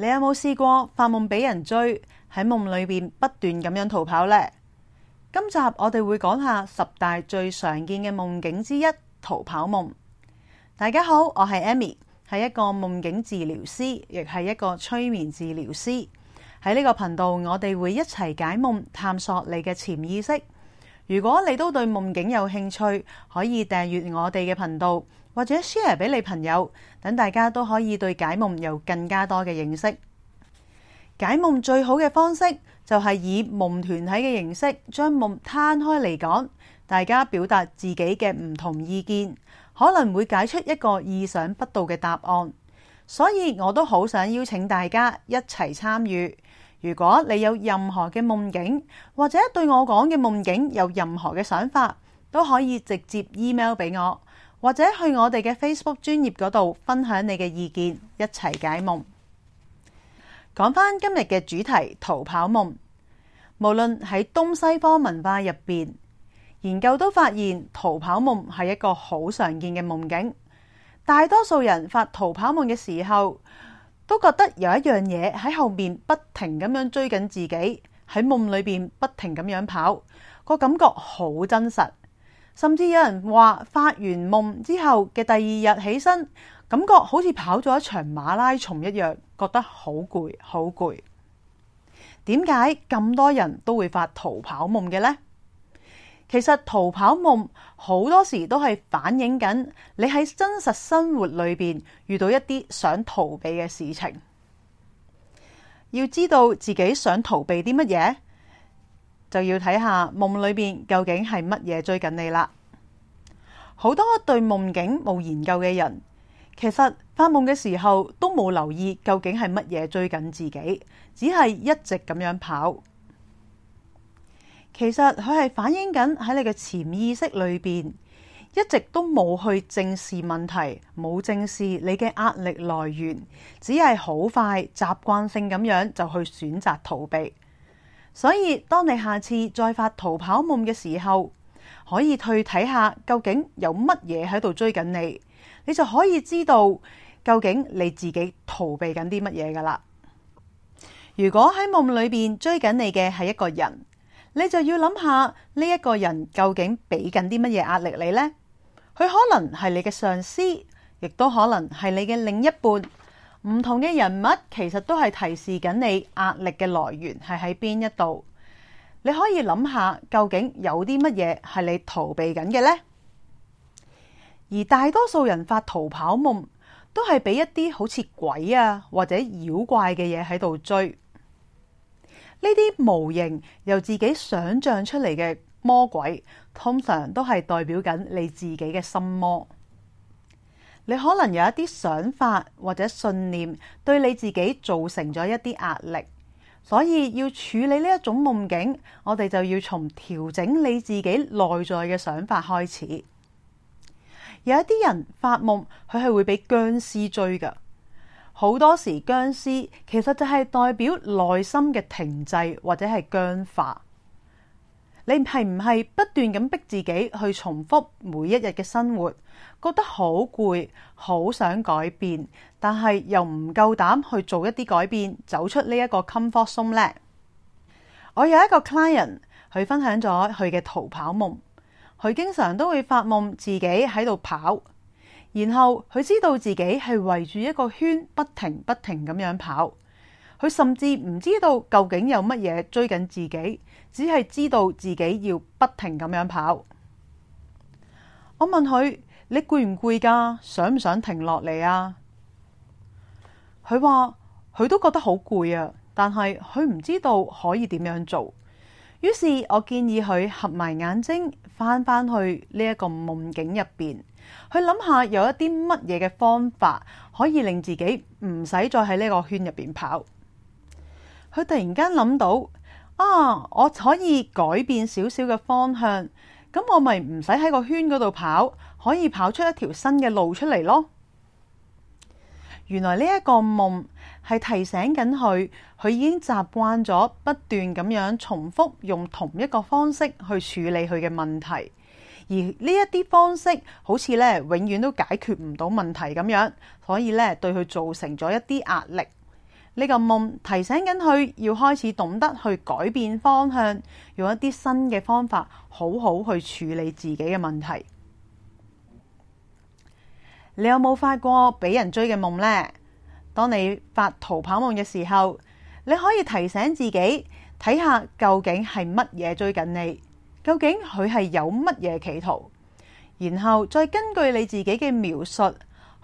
你有冇試過發夢俾人追喺夢裏邊不斷咁樣逃跑呢？今集我哋會講下十大最常見嘅夢境之一——逃跑夢。大家好，我係 Amy，係一個夢境治療師，亦係一個催眠治療師。喺呢個頻道，我哋會一齊解夢，探索你嘅潛意識。如果你都對夢境有興趣，可以訂閱我哋嘅頻道，或者 share 俾你朋友，等大家都可以對解夢有更加多嘅認識。解夢最好嘅方式就係以夢團體嘅形式，將夢攤開嚟講，大家表達自己嘅唔同意見，可能會解出一個意想不到嘅答案。所以我都好想邀請大家一齊參與。如果你有任何嘅夢境，或者對我講嘅夢境有任何嘅想法，都可以直接 email 俾我，或者去我哋嘅 Facebook 專頁嗰度分享你嘅意見，一齊解夢。講翻今日嘅主題：逃跑夢。無論喺東西方文化入邊，研究都發現逃跑夢係一個好常見嘅夢境。大多數人發逃跑夢嘅時候，都覺得有一樣嘢喺後面不停咁樣追緊自己，喺夢裏邊不停咁樣跑，個感覺好真實。甚至有人話發完夢之後嘅第二日起身，感覺好似跑咗一場馬拉松一樣，覺得好攰好攰。點解咁多人都會發逃跑夢嘅呢？其實逃跑夢好多時都係反映緊你喺真實生活裏邊遇到一啲想逃避嘅事情。要知道自己想逃避啲乜嘢，就要睇下夢裏邊究竟係乜嘢追緊你啦。好多對夢境冇研究嘅人，其實發夢嘅時候都冇留意究竟係乜嘢追緊自己，只係一直咁樣跑。其實佢係反映緊喺你嘅潛意識裏邊，一直都冇去正視問題，冇正視你嘅壓力來源，只係好快習慣性咁樣就去選擇逃避。所以，當你下次再發逃跑夢嘅時候，可以去睇下究竟有乜嘢喺度追緊你，你就可以知道究竟你自己逃避緊啲乜嘢噶啦。如果喺夢裏邊追緊你嘅係一個人。你就要諗下呢一個人究竟俾緊啲乜嘢壓力你呢？佢可能係你嘅上司，亦都可能係你嘅另一半。唔同嘅人物其實都係提示緊你壓力嘅來源係喺邊一度。你可以諗下究竟有啲乜嘢係你逃避緊嘅呢？而大多數人發逃跑夢，都係俾一啲好似鬼啊或者妖怪嘅嘢喺度追。呢啲模型由自己想象出嚟嘅魔鬼，通常都係代表緊你自己嘅心魔。你可能有一啲想法或者信念，對你自己造成咗一啲壓力，所以要處理呢一種夢境，我哋就要從調整你自己內在嘅想法開始。有一啲人發夢，佢係會俾僵屍追㗎。好多時，僵屍其實就係代表內心嘅停滯或者係僵化。你係唔係不斷咁逼自己去重複每一日嘅生活，覺得好攰，好想改變，但係又唔夠膽去做一啲改變，走出呢一個 comfort zone 呢？我有一個 client，佢分享咗佢嘅逃跑夢，佢經常都會發夢自己喺度跑。然後佢知道自己係圍住一個圈，不停不停咁樣跑。佢甚至唔知道究竟有乜嘢追緊自己，只係知道自己要不停咁樣跑。我問佢：你攰唔攰㗎？想唔想停落嚟啊？佢話佢都覺得好攰啊，但係佢唔知道可以點樣做。於是我建議佢合埋眼睛，返返去呢一個夢境入邊，去諗下有一啲乜嘢嘅方法可以令自己唔使再喺呢個圈入邊跑。佢突然間諗到啊，我可以改變少少嘅方向，咁我咪唔使喺個圈嗰度跑，可以跑出一條新嘅路出嚟咯。原來呢一個夢，係提醒緊佢，佢已經習慣咗不斷咁樣重複用同一個方式去處理佢嘅問題，而呢一啲方式好似咧永遠都解決唔到問題咁樣，所以咧對佢造成咗一啲壓力。呢個夢提醒緊佢要開始懂得去改變方向，用一啲新嘅方法好好去處理自己嘅問題。你有冇發過俾人追嘅夢呢？當你發逃跑夢嘅時候，你可以提醒自己睇下究竟係乜嘢追緊你，究竟佢係有乜嘢企圖，然後再根據你自己嘅描述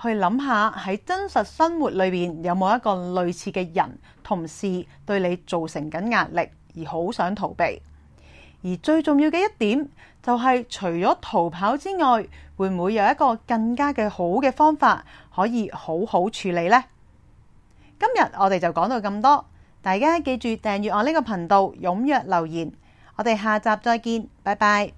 去諗下喺真實生活裏邊有冇一個類似嘅人同事對你造成緊壓力，而好想逃避。而最重要嘅一點就係除咗逃跑之外，會唔會有一個更加嘅好嘅方法可以好好處理呢？今日我哋就講到咁多，大家記住訂閱我呢個頻道，踴躍留言，我哋下集再見，拜拜。